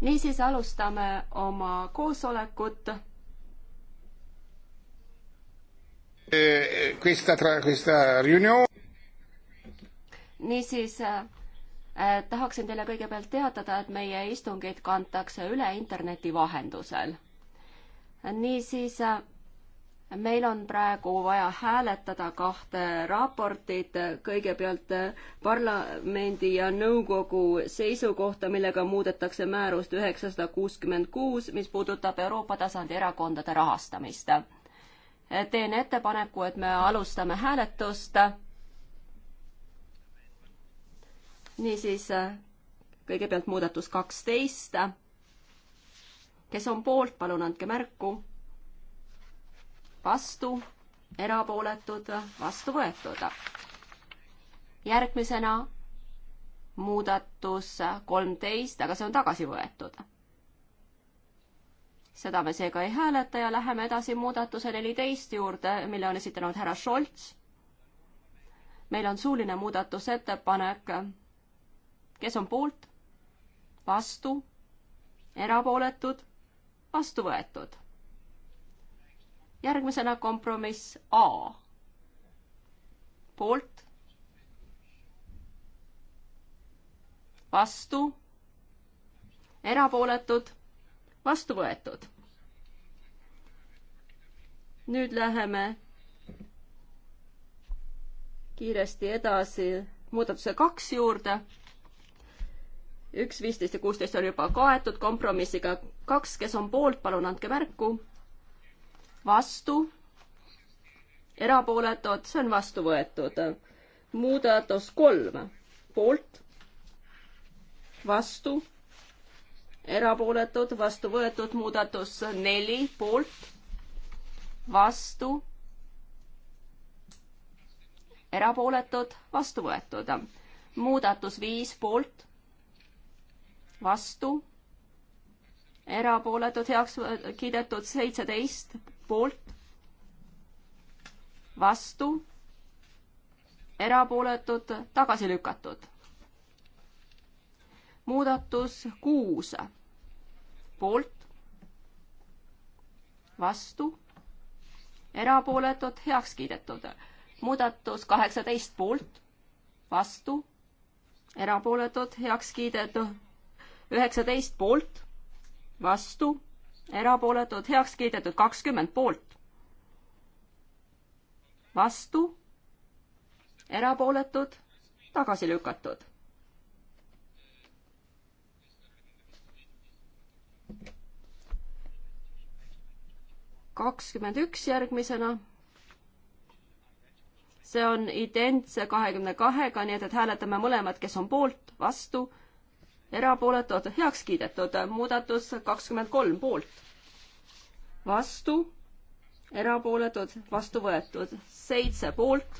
niisiis alustame oma koosolekut. Eh, eh, niisiis eh, tahaksin teile kõigepealt teatada, et meie istungeid kantakse üle interneti vahendusel. niisiis meil on praegu vaja hääletada kahte raportit, kõigepealt parlamendi ja nõukogu seisukohta, millega muudetakse määrust üheksasada kuuskümmend kuus, mis puudutab Euroopa tasandi erakondade rahastamist. teen ettepaneku, et me alustame hääletust. niisiis, kõigepealt muudatus kaksteist. kes on poolt, palun andke märku vastu, erapooletud, vastu võetud. järgmisena muudatus kolmteist, aga see on tagasi võetud. seda me seega ei hääleta ja läheme edasi muudatuse neliteist juurde, mille on esitanud härra Scholz. meil on suuline muudatusettepanek. kes on poolt? vastu? erapooletud? vastu võetud järgmisena kompromiss A. poolt, vastu, erapooletud, vastu võetud. nüüd läheme kiiresti edasi muudatuse kaks juurde üks, viisteist ja kuusteist on juba kaetud kompromissiga, kaks, kes on poolt, palun andke märku vastu, erapooletud, see on vastu võetud. muudatus kolm, poolt, vastu, erapooletud, vastu võetud, muudatus neli, poolt, vastu, erapooletud, vastu võetud. muudatus viis, poolt, vastu erapooletud heaks kiidetud seitseteist poolt, vastu, erapooletud, tagasi lükatud. muudatus kuus, poolt, vastu, erapooletud, heaks kiidetud. muudatus kaheksateist poolt, vastu, erapooletud, heaks kiidetud, üheksateist poolt, vastu erapooletud, heaks kiidetud kakskümmend poolt. vastu, erapooletud, tagasi lükatud. kakskümmend üks järgmisena. see on identse kahekümne kahega, nii et, et hääletame mõlemad, kes on poolt, vastu erapooletud, heaks kiidetud, muudatus kakskümmend kolm poolt, vastu, erapooletud, vastu võetud, seitse poolt,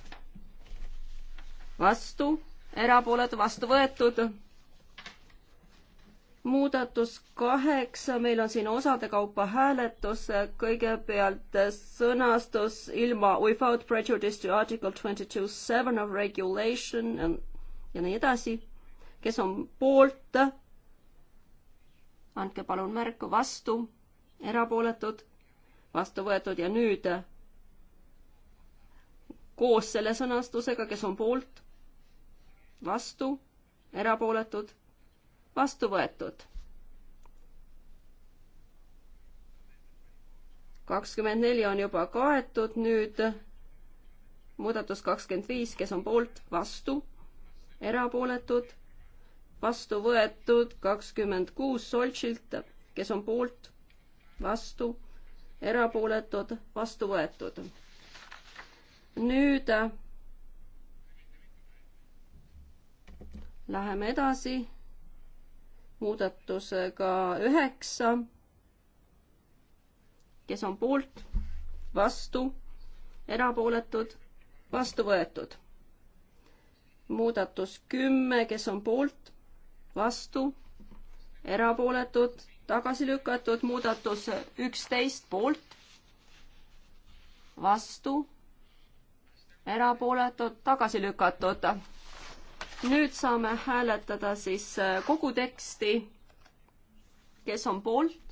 vastu, erapooletu, vastu võetud, muudatus kaheksa, meil on siin osade kaupa hääletus, kõigepealt sõnastus ilma without prejudice to article twenty two seven of regulation ja nii edasi kes on poolt, andke palun märku, vastu, erapooletud, vastu võetud ja nüüd koos selle sõnastusega, kes on poolt, vastu, erapooletud, vastu võetud. kakskümmend neli on juba kaetud, nüüd muudatus kakskümmend viis, kes on poolt, vastu, erapooletud, vastu võetud kakskümmend kuus Soltšilt, kes on poolt, vastu, erapooletud, vastu võetud. nüüd läheme edasi muudatusega üheksa, kes on poolt, vastu, erapooletud, vastu võetud. muudatus kümme, kes on poolt vastu, erapooletud, tagasi lükatud, muudatus üksteist poolt, vastu, erapooletud, tagasi lükatud. nüüd saame hääletada siis äh, kogu teksti, kes on poolt,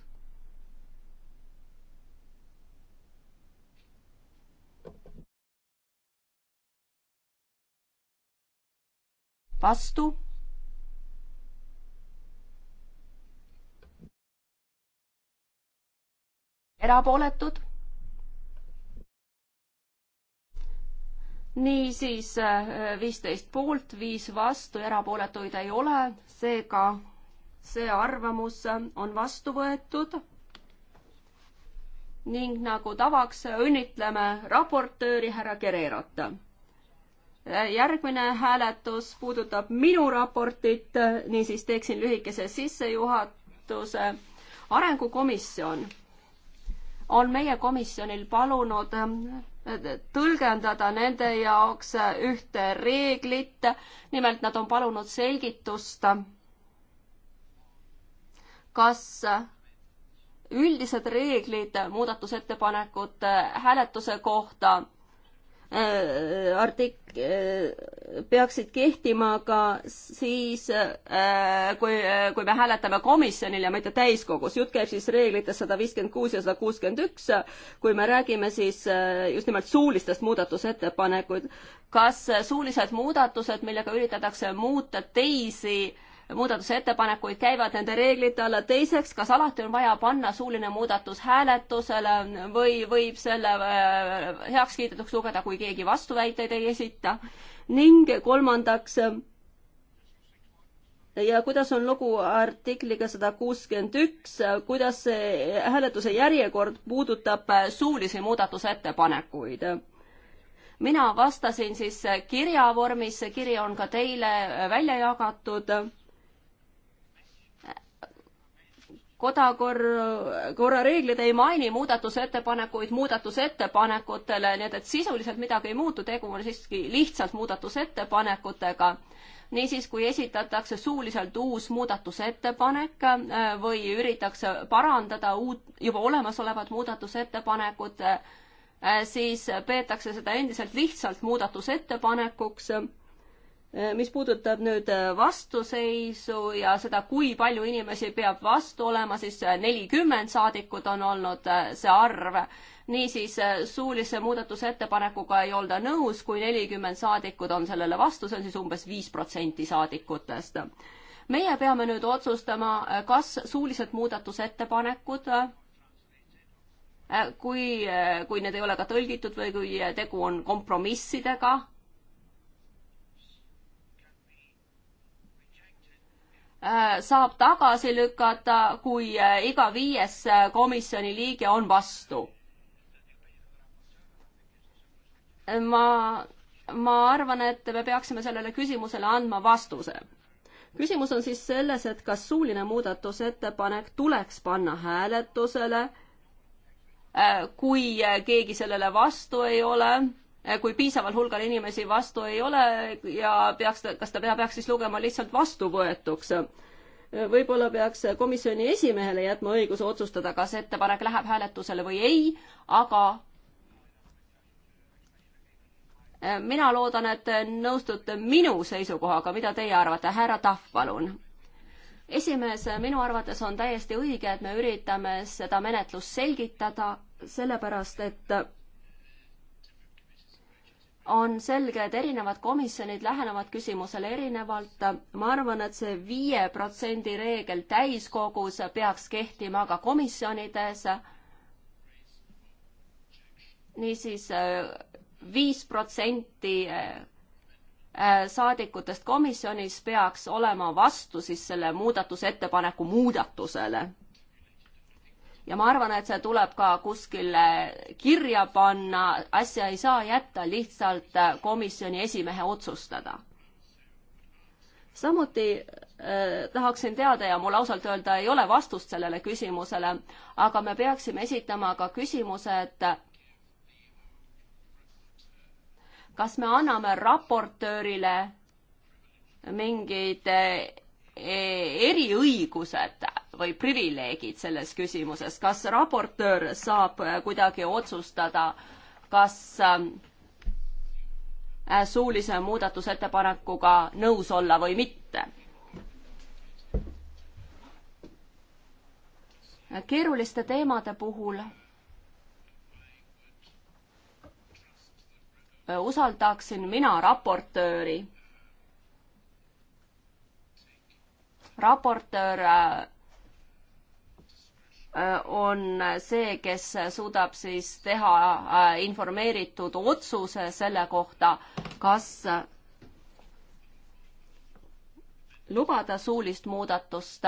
vastu erapooletud. niisiis äh, viisteist poolt, viis vastu, erapooletuid ei ole, seega see arvamus on vastu võetud. ning nagu tavaks, õnnitleme raportööri härra Gererot. Äh, järgmine hääletus puudutab minu raportit, niisiis teeksin lühikese sissejuhatuse. arengukomisjon on meie komisjonil palunud ähm, tõlgendada nende jaoks äh, ühte reeglit, nimelt nad on palunud selgitust, kas äh, üldised reeglid muudatusettepanekute äh, hääletuse kohta Äh, artik-, äh, peaksid kehtima ka siis, äh, kui, kui me hääletame komisjonil ja mitte täiskogus. jutt käib siis reeglitest sada viiskümmend kuus ja sada kuuskümmend üks, kui me räägime siis just nimelt suulistest muudatusettepanekuid. kas suulised muudatused, millega üritatakse muuta teisi muudatusettepanekuid käivad nende reeglite alla, teiseks, kas alati on vaja panna suuline muudatus hääletusele või võib selle äh, heaks kiidetuks lugeda, kui keegi vastuväiteid ei esita ning kolmandaks, ja kuidas on lugu artikliga sada kuuskümmend üks, kuidas see hääletuse järjekord puudutab suulisi muudatusettepanekuid? mina vastasin siis kirjavormis, see kiri on ka teile välja jagatud kodakorra, korrareeglid ei maini muudatusettepanekuid muudatusettepanekutele, nii et, et sisuliselt midagi ei muutu, tegu on siiski lihtsalt muudatusettepanekutega. niisiis, kui esitatakse suuliselt uus muudatusettepanek äh, või üritatakse parandada uut, juba olemasolevat muudatusettepanekut, äh, siis peetakse seda endiselt lihtsalt muudatusettepanekuks Äh, mis puudutab nüüd äh, vastuseisu ja seda, kui palju inimesi peab vastu olema, siis äh, nelikümmend saadikut on olnud see arv. niisiis suulise muudatusettepanekuga ei olda nõus, kui nelikümmend saadikut on sellele vastu, see on siis umbes viis protsenti saadikutest. meie peame nüüd otsustama, kas suulised muudatusettepanekud kui, kui need ei ole ka tõlgitud või kui tegu on kompromissidega, Äh, saab tagasi lükata, kui äh, iga viies äh, komisjoni liige on vastu. ma, ma arvan, et me peaksime sellele küsimusele andma vastuse. küsimus on siis selles, et kas suuline muudatusettepanek tuleks panna hääletusele, kui keegi sellele vastu ei ole Eh, kui piisaval hulgal inimesi vastu ei ole ja peaks, kas ta peaks siis lugema lihtsalt vastuvõetuks? võib-olla peaks komisjoni esimehele jätma õiguse otsustada, kas ettepanek läheb hääletusele või ei, aga eh, mina loodan, et nõustute minu seisukohaga, mida teie arvate, härra Tahv, palun. esimees, minu arvates on täiesti õige, et me üritame seda menetlust selgitada, sellepärast et on selge, et erinevad komisjonid lähenevad küsimusele erinevalt. ma arvan, et see viie protsendi reegel täiskogus peaks kehtima ka komisjonides. niisiis viis protsenti äh, äh, saadikutest komisjonis peaks olema vastu siis selle muudatusettepaneku muudatusele ja ma arvan, et see tuleb ka kuskile kirja panna, asja ei saa jätta lihtsalt komisjoni esimehe otsustada. samuti äh, tahaksin teada ja mul ausalt öelda ei ole vastust sellele küsimusele, aga me peaksime esitama ka küsimuse, et kas me anname raportöörile mingeid äh, eriõigused või privileegid selles küsimuses, kas raportöör saab kuidagi otsustada, kas äh, suulise muudatusettepanekuga nõus olla või mitte? keeruliste teemade puhul usaldaksin mina raportööri raportöör äh, on see, kes suudab siis teha äh, informeeritud otsuse selle kohta, kas lubada suulist muudatust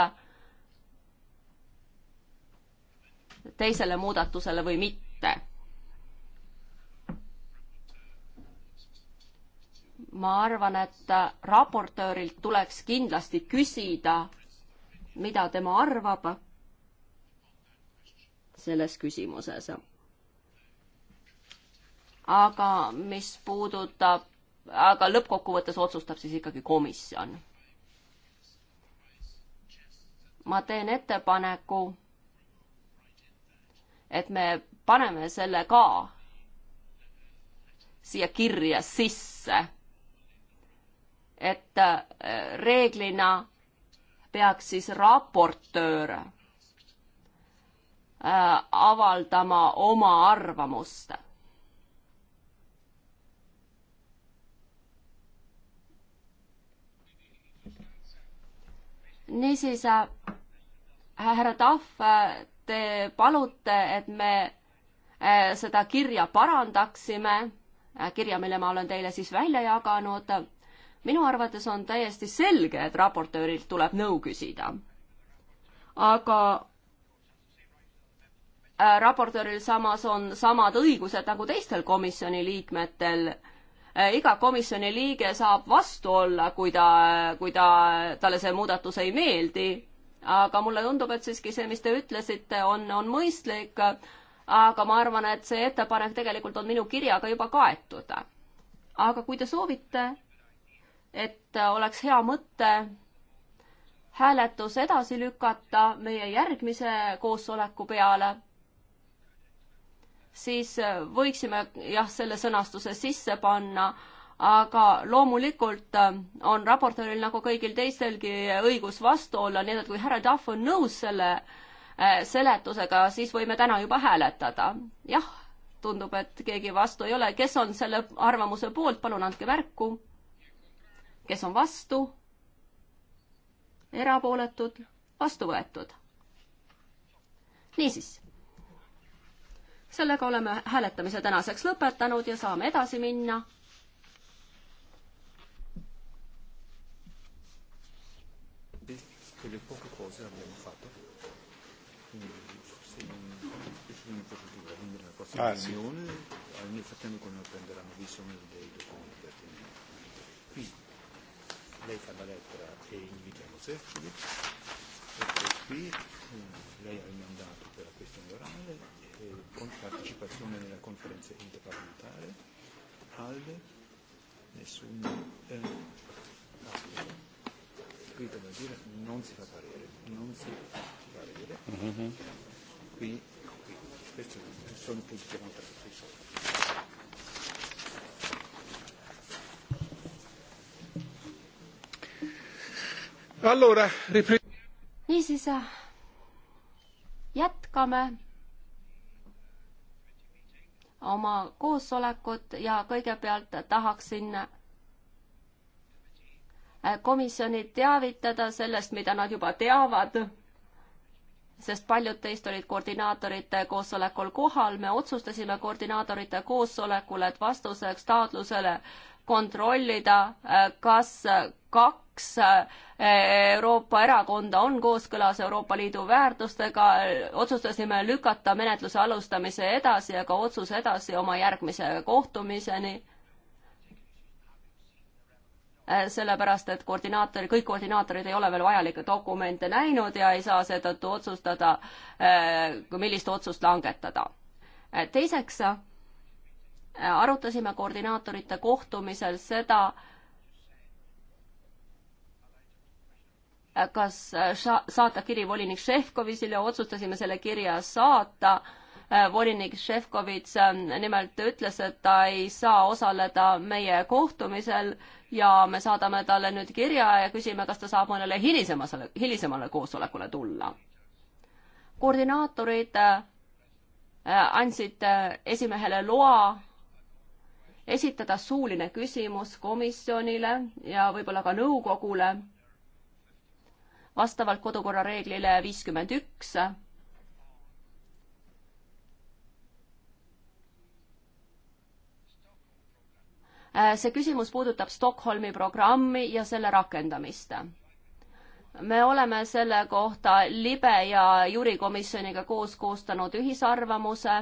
teisele muudatusele või mitte ma arvan, et raportöörilt tuleks kindlasti küsida, mida tema arvab selles küsimuses. aga mis puudutab, aga lõppkokkuvõttes otsustab siis ikkagi komisjon. ma teen ettepaneku, et me paneme selle ka siia kirja sisse et äh, reeglina peaks siis raportöör äh, avaldama oma arvamust niisiis, äh, härra Tahv, te palute, et me seda kirja parandaksime, kirja, mille ma olen teile siis välja jaganud minu arvates on täiesti selge, et raportöörilt tuleb nõu küsida. aga äh, raportööril samas on samad õigused nagu teistel komisjoni liikmetel. Äh, iga komisjoni liige saab vastu olla, kui ta, kui ta, talle see muudatus ei meeldi. aga mulle tundub, et siiski see, mis te ütlesite, on, on mõistlik. aga ma arvan, et see ettepanek tegelikult on minu kirjaga juba kaetud. aga kui te soovite, et äh, oleks hea mõte hääletus edasi lükata meie järgmise koosoleku peale, siis äh, võiksime jah, selle sõnastuse sisse panna, aga loomulikult äh, on raportööril nagu kõigil teistelgi õigus vastu olla, nii et kui härra Tahv on nõus selle seletusega, siis võime täna juba hääletada. jah, tundub, et keegi vastu ei ole, kes on selle arvamuse poolt, palun andke märku kes on vastu, erapooletud, vastu võetud. niisiis, sellega oleme hääletamise tänaseks lõpetanud ja saame edasi minna che le poche cose abbiamo fatto quindi se in procedura quindi nella prossima ah, riunione sì. nel frattempo noi prenderanno visione dei documenti pertinenti quindi lei fa la lettera e individuiamo se. Eccolo qui, mm, lei ha il mandato per la questione orale, eh, con partecipazione nella conferenza interparlamentare, ALDE, nessuno, eh, aspetta, qui devo dire non si fa parere, non si fa parere, mm-hmm. qui, qui, questi sono punti che vanno trattati sopra. Allora, ripre- niisiis, äh, jätkame oma koosolekut ja kõigepealt tahaksin äh, komisjoni teavitada sellest, mida nad juba teavad, sest paljud teist olid koordinaatorite koosolekul kohal, me otsustasime koordinaatorite koosolekul, et vastuseks taotlusele kontrollida, äh, kas kaks kaks äh, Euroopa erakonda on kooskõlas Euroopa Liidu väärtustega, otsustasime lükata menetluse alustamise edasi ja ka otsuse edasi oma järgmise kohtumiseni. Äh, sellepärast, et koordinaator, kõik koordinaatorid ei ole veel vajalikke dokumente näinud ja ei saa seetõttu otsustada, äh, millist otsust langetada. teiseks arutasime koordinaatorite kohtumisel seda, kas äh, saata kiri volinik Šefkovisile, otsustasime selle kirja saata. Äh, volinik Šefkovits ähm, nimelt ütles, et ta ei saa osaleda meie kohtumisel ja me saadame talle nüüd kirja ja küsime, kas ta saab mõnele hilisemasele, hilisemale koosolekule tulla. koordinaatorid äh, andsid esimehele loa esitada suuline küsimus komisjonile ja võib-olla ka nõukogule vastavalt kodukorra reeglile viiskümmend üks. see küsimus puudutab Stockholmi programmi ja selle rakendamist me oleme selle kohta libe ja jurikomisjoniga koos koostanud ühisarvamuse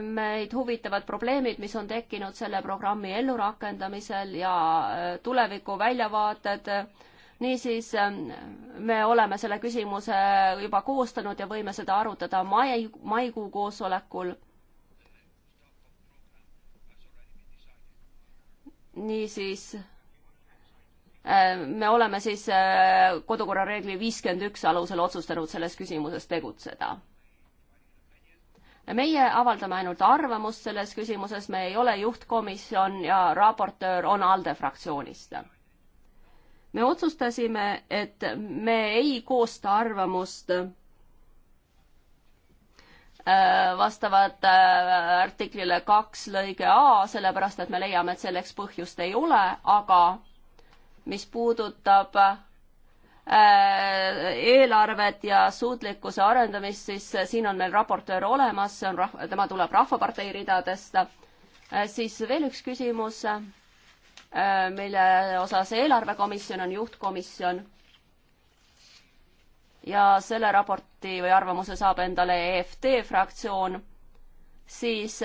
meid huvitavad probleemid, mis on tekkinud selle programmi ellurakendamisel ja äh, tuleviku väljavaated. niisiis ähm, me oleme selle küsimuse juba koostanud ja võime seda arutada mai, maikuu koosolekul. niisiis äh, me oleme siis äh, kodukorra reegli viiskümmend üks alusel otsustanud selles küsimuses tegutseda meie avaldame ainult arvamust selles küsimuses, me ei ole juhtkomisjon ja raportöör on ALDE fraktsioonist. me otsustasime, et me ei koosta arvamust äh, vastavalt äh, artiklile kaks lõige A, sellepärast et me leiame, et selleks põhjust ei ole, aga mis puudutab Äh, eelarvet ja suutlikkuse arendamist, siis äh, siin on meil raportöör olemas, see on rah-, tema tuleb Rahvapartei ridadest. Äh, siis veel üks küsimus, mille osas eelarvekomisjon on juhtkomisjon. ja selle raporti või arvamuse saab endale EFT fraktsioon, siis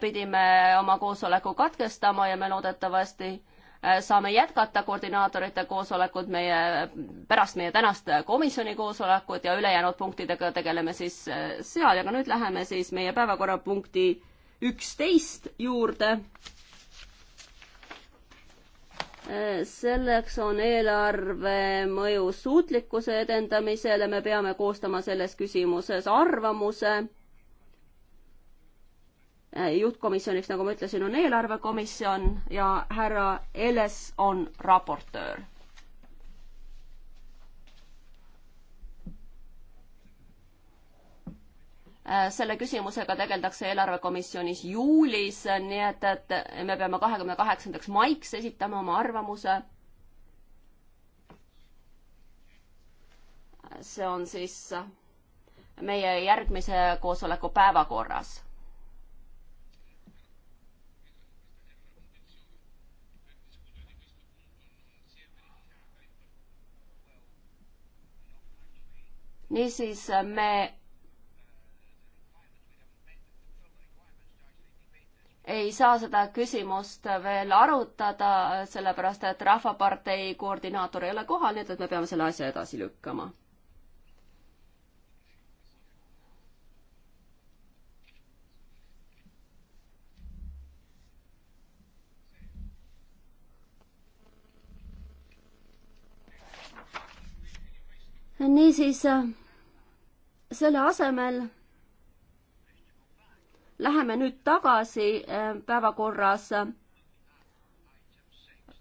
pidime oma koosoleku katkestama ja me loodetavasti Äh, saame jätkata koordinaatorite koosolekut meie, pärast meie tänast komisjoni koosolekut ja ülejäänud punktidega tegeleme siis äh, seal, aga nüüd läheme siis meie päevakorrapunkti üksteist juurde. Äh, selleks on eelarve mõju suutlikkuse edendamisele, me peame koostama selles küsimuses arvamuse Äh, juhtkomisjoniks, nagu ma ütlesin, on eelarvekomisjon ja härra Elles on raportöör. Äh, selle küsimusega tegeldakse eelarvekomisjonis juulis, nii et, et me peame kahekümne kaheksandaks maiks esitama oma arvamuse. Äh, see on siis meie järgmise koosoleku päevakorras niisiis me ei saa seda küsimust veel arutada, sellepärast et Rahvapartei koordinaator ei ole kohal, nii et me peame selle asja edasi lükkama niisiis, äh, selle asemel läheme nüüd tagasi äh, päevakorras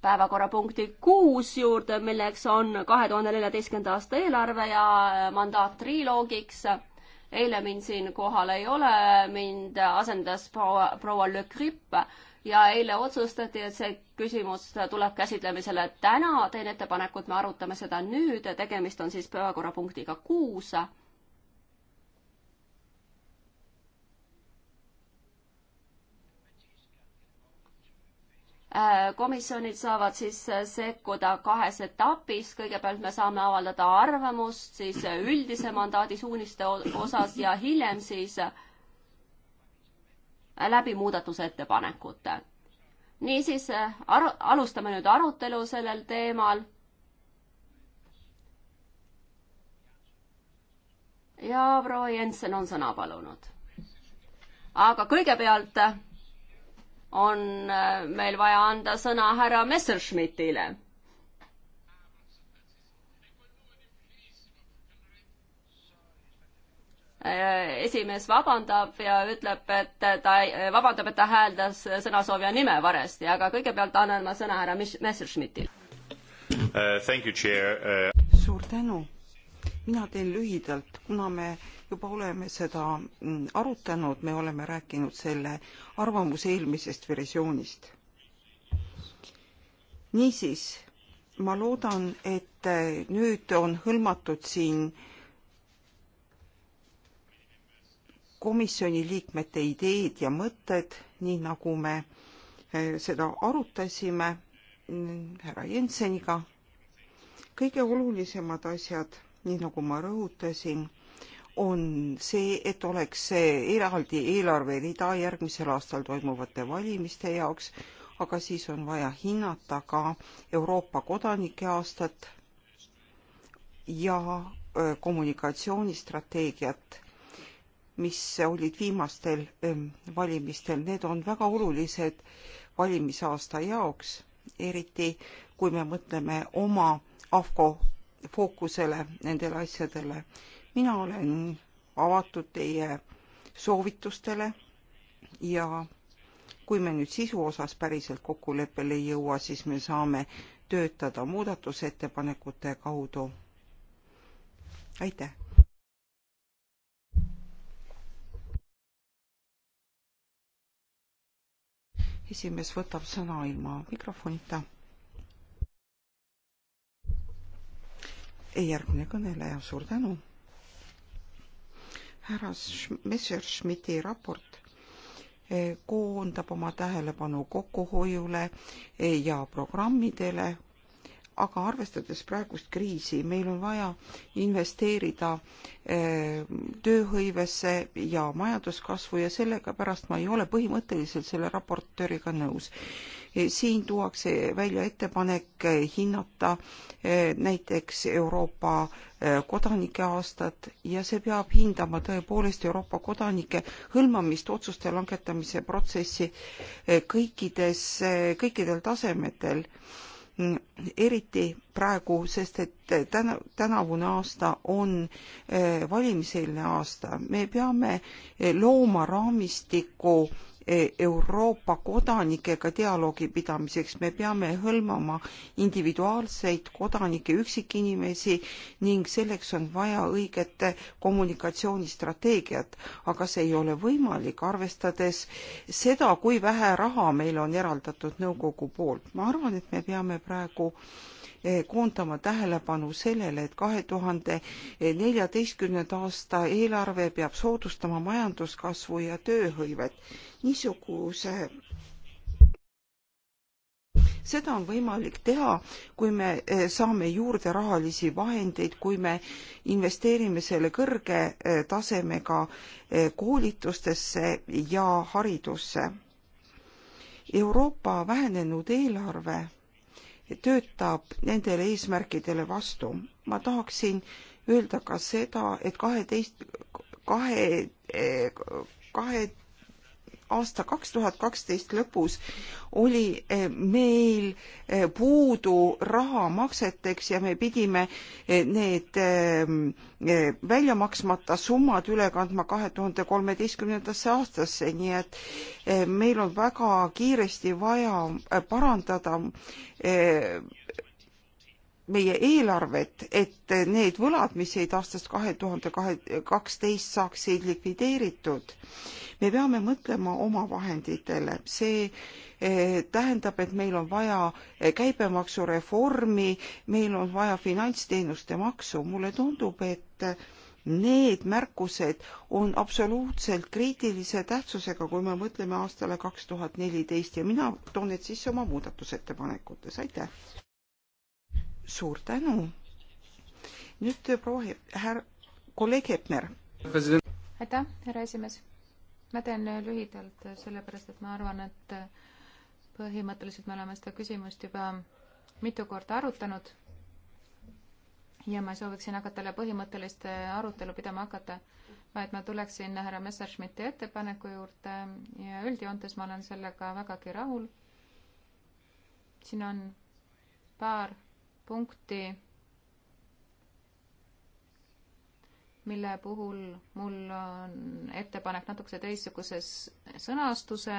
päevakorrapunkti kuus juurde, milleks on kahe tuhande neljateistkümnenda aasta eelarve ja äh, mandaat triloogiks. eile mind siin kohal ei ole, mind asendas proua, proua Le Grip ja eile otsustati, et see küsimus tuleb käsitlemisele täna, teen ettepaneku, et me arutame seda nüüd, tegemist on siis päevakorrapunktiga kuus. komisjonid saavad siis sekkuda kahes etapis, kõigepealt me saame avaldada arvamust siis üldise mandaadi suuniste osas ja hiljem siis äh, läbi muudatusettepanekute. niisiis äh, aru, alustame nüüd arutelu sellel teemal. ja proua Jensen on sõna palunud. aga kõigepealt on äh, meil vaja anda sõna härra Messerschmittile Äh, esimees vabandab ja ütleb, et ta äh, vabandab, et ta hääldas sõnasoovija nime varasti, aga kõigepealt annan ma sõna härra Messerschmidtile uh,. Uh... suur tänu. mina teen lühidalt, kuna me juba oleme seda mm, arutanud, me oleme rääkinud selle arvamuse eelmisest versioonist. niisiis, ma loodan, et nüüd on hõlmatud siin äh, komisjoni liikmete ideed ja mõtted, nii nagu me eh, seda arutasime härra Jenseniga. kõige olulisemad asjad, nii nagu ma rõhutasin, on see, et oleks eraldi eelarverida järgmisel aastal toimuvate valimiste jaoks, aga siis on vaja hinnata ka Euroopa kodanike aastat ja eh, kommunikatsioonistrateegiat mis olid viimastel ehm, valimistel, need on väga olulised valimisaasta jaoks, eriti kui me mõtleme oma AFCO fookusele nendele asjadele. mina olen avatud teie soovitustele ja kui me nüüd sisu osas päriselt kokkuleppele ei jõua, siis me saame töötada muudatusettepanekute kaudu. aitäh! esimees võtab sõna ilma mikrofonita. järgmine kõneleja, suur tänu. härra Messerschmitti raport eh, koondab oma tähelepanu kokkuhoiule eh, ja programmidele aga arvestades praegust kriisi, meil on vaja investeerida eh, tööhõivesse ja majanduskasvu ja sellega pärast ma ei ole põhimõtteliselt selle raportööriga nõus. Eh, siin tuuakse välja ettepanek eh, hinnata näiteks Euroopa kodanike aastat ja see peab hindama tõepoolest Euroopa kodanike hõlmamist otsuste langetamise protsessi kõikides, kõikidel tasemetel Mm, eriti praegu, sest et täna, tänavune aasta on eh, valimiseelne aasta. me peame eh, looma raamistiku E, Euroopa kodanikega dialoogi pidamiseks. me peame hõlmama individuaalseid kodanikke, üksikinimesi ning selleks on vaja õiget kommunikatsioonistrateegiat, aga see ei ole võimalik, arvestades seda, kui vähe raha meil on eraldatud nõukogu poolt. ma arvan, et me peame praegu Eh, koondama tähelepanu sellele, et kahe tuhande neljateistkümnenda aasta eelarve peab soodustama majanduskasvu ja tööhõivet. niisuguse seda on võimalik teha, kui me eh, saame juurde rahalisi vahendeid, kui me investeerime selle kõrge eh, tasemega koolitustesse ja haridusse. Euroopa vähenenud eelarve töötab nendele eesmärkidele vastu. ma tahaksin öelda ka seda, et kaheteist, kahe, kahe aasta kaks tuhat kaksteist lõpus oli eh, meil eh, puudu raha makseteks ja me pidime eh, need ehm, välja maksmata summad üle kandma kahe tuhande kolmeteistkümnendasse aastasse, nii et meil on väga kiiresti vaja parandada meie eelarvet, et need võlad, mis jäid aastast kahe tuhande kahe, kaksteist saaksid likvideeritud. me peame mõtlema oma vahenditele, see eh, tähendab, et meil on vaja eh, käibemaksureformi, meil on vaja finantsteenuste maksu, mulle tundub, et eh, need märkused on absoluutselt kriitilise tähtsusega, kui me mõtleme aastale kaks tuhat neliteist ja mina toon need sisse oma muudatusettepanekutes, aitäh! suur tänu. nüüd proua, härra, kolleeg Hepner. aitäh, härra esimees. ma teen lühidalt, sellepärast et ma arvan, et põhimõtteliselt me oleme seda küsimust juba mitu korda arutanud. ja ma sooviksin hakata jälle põhimõttelist arutelu pidama hakata, vaid ma tuleksin härra Messerschmitti ettepaneku juurde ja üldjoontes ma olen sellega vägagi rahul. siin on paar punkti, mille puhul mul on ettepanek natukese teistsuguses sõnastuse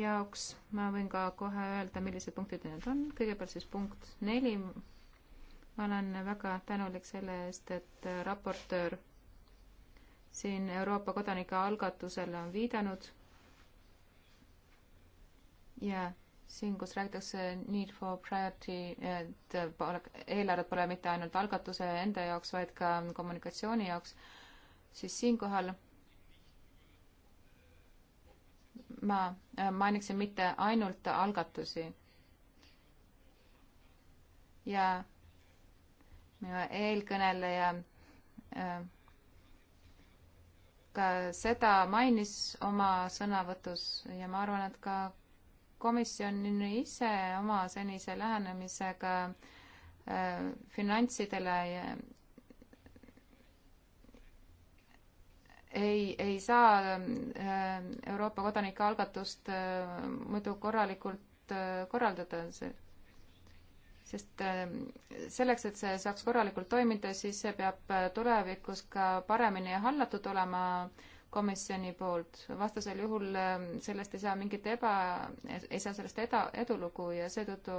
jaoks. ma võin ka kohe öelda, millised punktid need on. kõigepealt siis punkt neli. ma olen väga tänulik selle eest, et raportöör siin Euroopa kodanike algatusele on viidanud ja siin, kus räägitakse need for priority, et eelarved pole mitte ainult algatuse enda jaoks, vaid ka kommunikatsiooni jaoks, siis siinkohal ma mainiksin mitte ainult algatusi. ja minu eelkõneleja äh, ka seda mainis oma sõnavõtus ja ma arvan, et ka komisjon ise oma senise lähenemisega äh, finantsidele äh, ei, ei saa äh, Euroopa kodanike algatust äh, muidu korralikult äh, korraldada, sest äh, selleks, et see saaks korralikult toimida, siis see peab tulevikus ka paremini hallatud olema äh, komisjoni poolt, vastasel juhul ähm, sellest ei saa mingit eba, ei saa sellest eda, edulugu ja seetõttu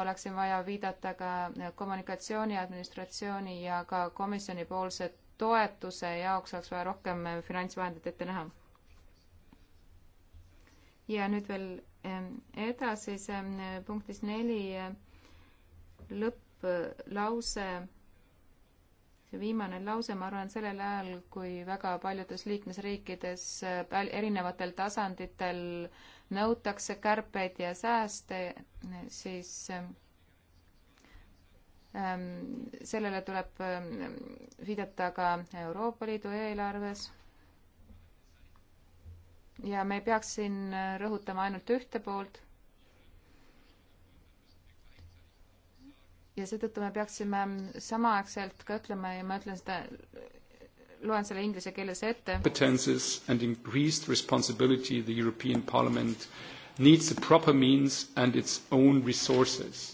oleks siin vaja viidata ka kommunikatsiooni, administratsiooni ja ka komisjoni poolse toetuse jaoks oleks vaja rohkem äh, finantsvahendeid ette näha. ja nüüd veel ähm, edasi, see äh, punktis neli äh, lõpplause see viimane lause, ma arvan, sellel ajal, kui väga paljudes liikmesriikides äh, erinevatel tasanditel nõutakse kärpeid ja sääste, siis ähm, ähm, sellele tuleb ähm, viidata ka Euroopa Liidu eelarves. ja me ei peaks siin äh, rõhutama ainult ühte poolt ja seetõttu me peaksime samaaegselt ka ütlema ja ma ütlen seda, loen selle inglise keeles ette. Competences and increased responsibility the European Parliament needs the proper means and its own resources.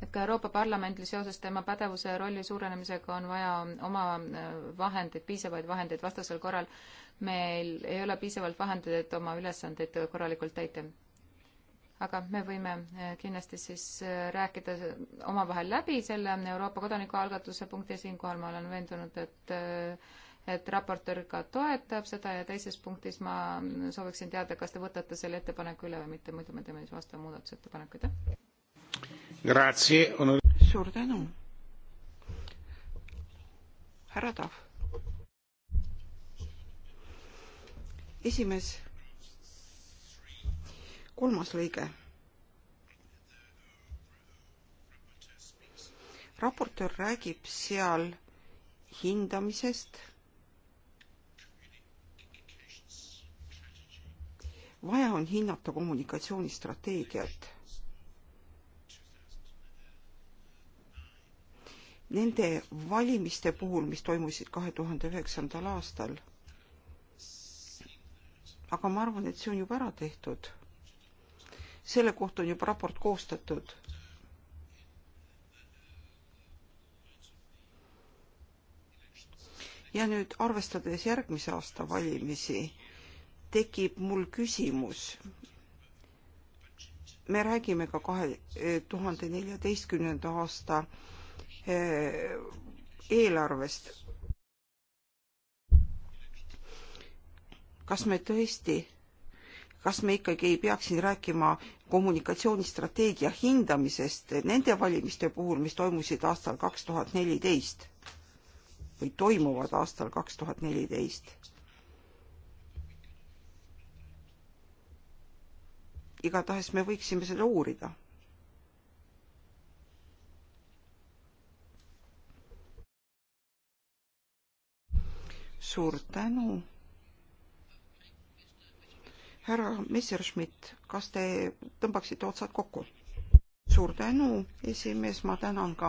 et ka Euroopa Parlamendil seoses tema pädevuse ja rolli suurenemisega on vaja oma äh, vahendeid, piisavaid vahendeid, vastasel korral meil ei ole piisavalt vahendeid, et oma ülesandeid korralikult täita aga me võime eh, kindlasti siis eh, rääkida omavahel läbi selle Euroopa kodanikualgatuse punkti ja siinkohal ma olen veendunud, et eh, et raportöör ka toetab seda ja teises punktis ma sooviksin teada, kas te võtate selle ettepaneku üle või mitte, muidu me teeme siis vastava muudatusettepaneku, aitäh. suur tänu. härra Tahv. esimees kolmas lõige. raportöör räägib seal hindamisest, vaja on hinnata kommunikatsioonistrateegiat. Nende valimiste puhul, mis toimusid kahe tuhande üheksandal aastal, aga ma arvan, et see on juba ära tehtud selle kohta on juba raport koostatud. ja nüüd arvestades järgmise aasta valimisi, tekib mul küsimus. me räägime ka kahe eh, tuhande neljateistkümnenda aasta eh, eelarvest. kas me tõesti kas me ikkagi ei peaks siin rääkima kommunikatsioonistrateegia hindamisest nende valimiste puhul, mis toimusid aastal kaks tuhat neliteist või toimuvad aastal kaks tuhat neliteist? igatahes me võiksime seda uurida. suur tänu härra Messerschmidt, kas te tõmbaksite otsad kokku? suur tänu, esimees, ma tänan ka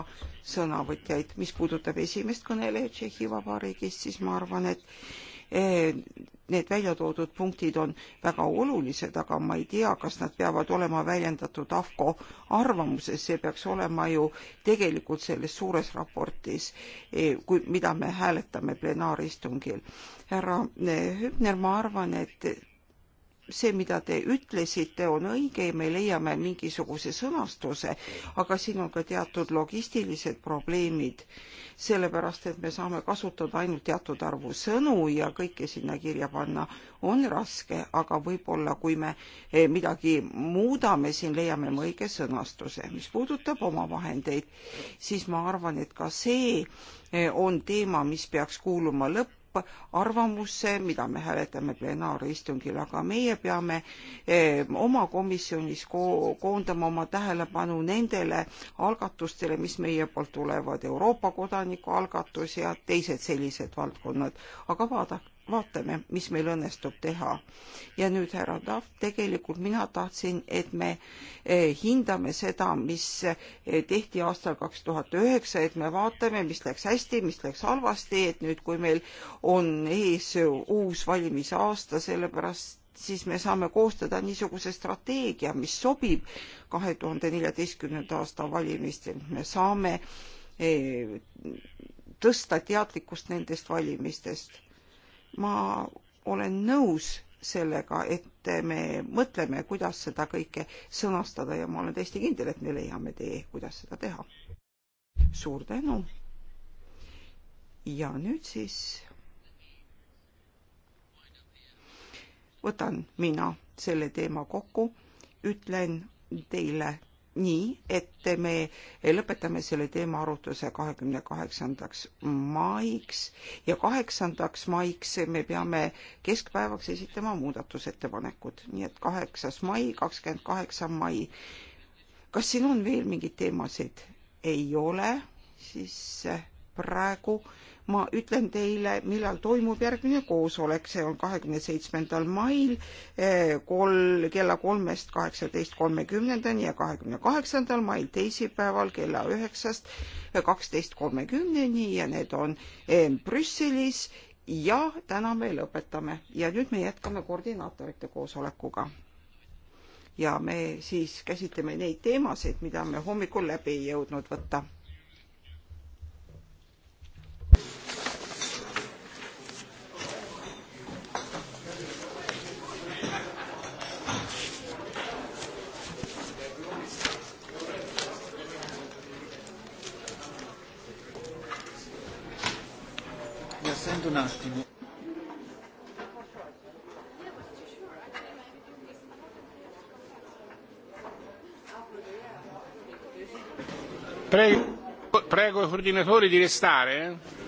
sõnavõtjaid. mis puudutab esimest kõnelejat Tšehhi Vabariigist, siis ma arvan, et eh, need välja toodud punktid on väga olulised, aga ma ei tea, kas nad peavad olema väljendatud AFCO arvamuses, see peaks olema ju tegelikult selles suures raportis, eh, kui, mida me hääletame plenaaristungil. härra eh, Hübner, ma arvan, et see, mida te ütlesite, on õige ja me leiame mingisuguse sõnastuse, aga siin on ka teatud logistilised probleemid, sellepärast et me saame kasutada ainult teatud arvu sõnu ja kõike sinna kirja panna on raske, aga võib-olla kui me eh, midagi muudame, siin leiame me õige sõnastuse. mis puudutab omavahendeid, siis ma arvan, et ka see eh, on teema, mis peaks kuuluma lõppu läheb arvamusse, mida me hääletame plenaaristungil, aga meie peame eh, oma komisjonis ko koondama oma tähelepanu nendele algatustele, mis meie poolt tulevad, Euroopa kodanikualgatus ja teised sellised valdkonnad, aga vaadake, vaatame, mis meil õnnestub teha. ja nüüd, härra Tahv, tegelikult mina tahtsin, et me eh, hindame seda, mis eh, tehti aastal kaks tuhat üheksa, et me vaatame, mis läks hästi, mis läks halvasti, et nüüd, kui meil on ees uus valimisaasta, sellepärast siis me saame koostada niisuguse strateegia, mis sobib kahe tuhande neljateistkümnenda aasta valimistel, me saame eh, tõsta teadlikkust nendest valimistest ma olen nõus sellega, et me mõtleme, kuidas seda kõike sõnastada ja ma olen täiesti kindel, et me leiame tee, kuidas seda teha. suur tänu. ja nüüd siis võtan mina selle teema kokku, ütlen teile nii, et me lõpetame selle teema arutluse kahekümne kaheksandaks maiks ja kaheksandaks maiks me peame keskpäevaks esitama muudatusettepanekud, nii et kaheksas mai, kakskümmend kaheksa mai. kas siin on veel mingeid teemasid? ei ole, siis praegu äh, ma ütlen teile, millal toimub järgmine koosolek, see on kahekümne seitsmendal mail eh, kol-, kella kolmest kaheksateist kolmekümnendani ja kahekümne kaheksandal mail teisipäeval kella üheksast kaksteist kolmekümneni ja need on eh, Brüsselis ja täna me lõpetame ja nüüd me jätkame koordinaatorite koosolekuga ja me siis käsitleme neid teemasid, mida me hommikul läbi ei jõudnud võtta attimo. Prego, prego i coordinatori di restare. Eh?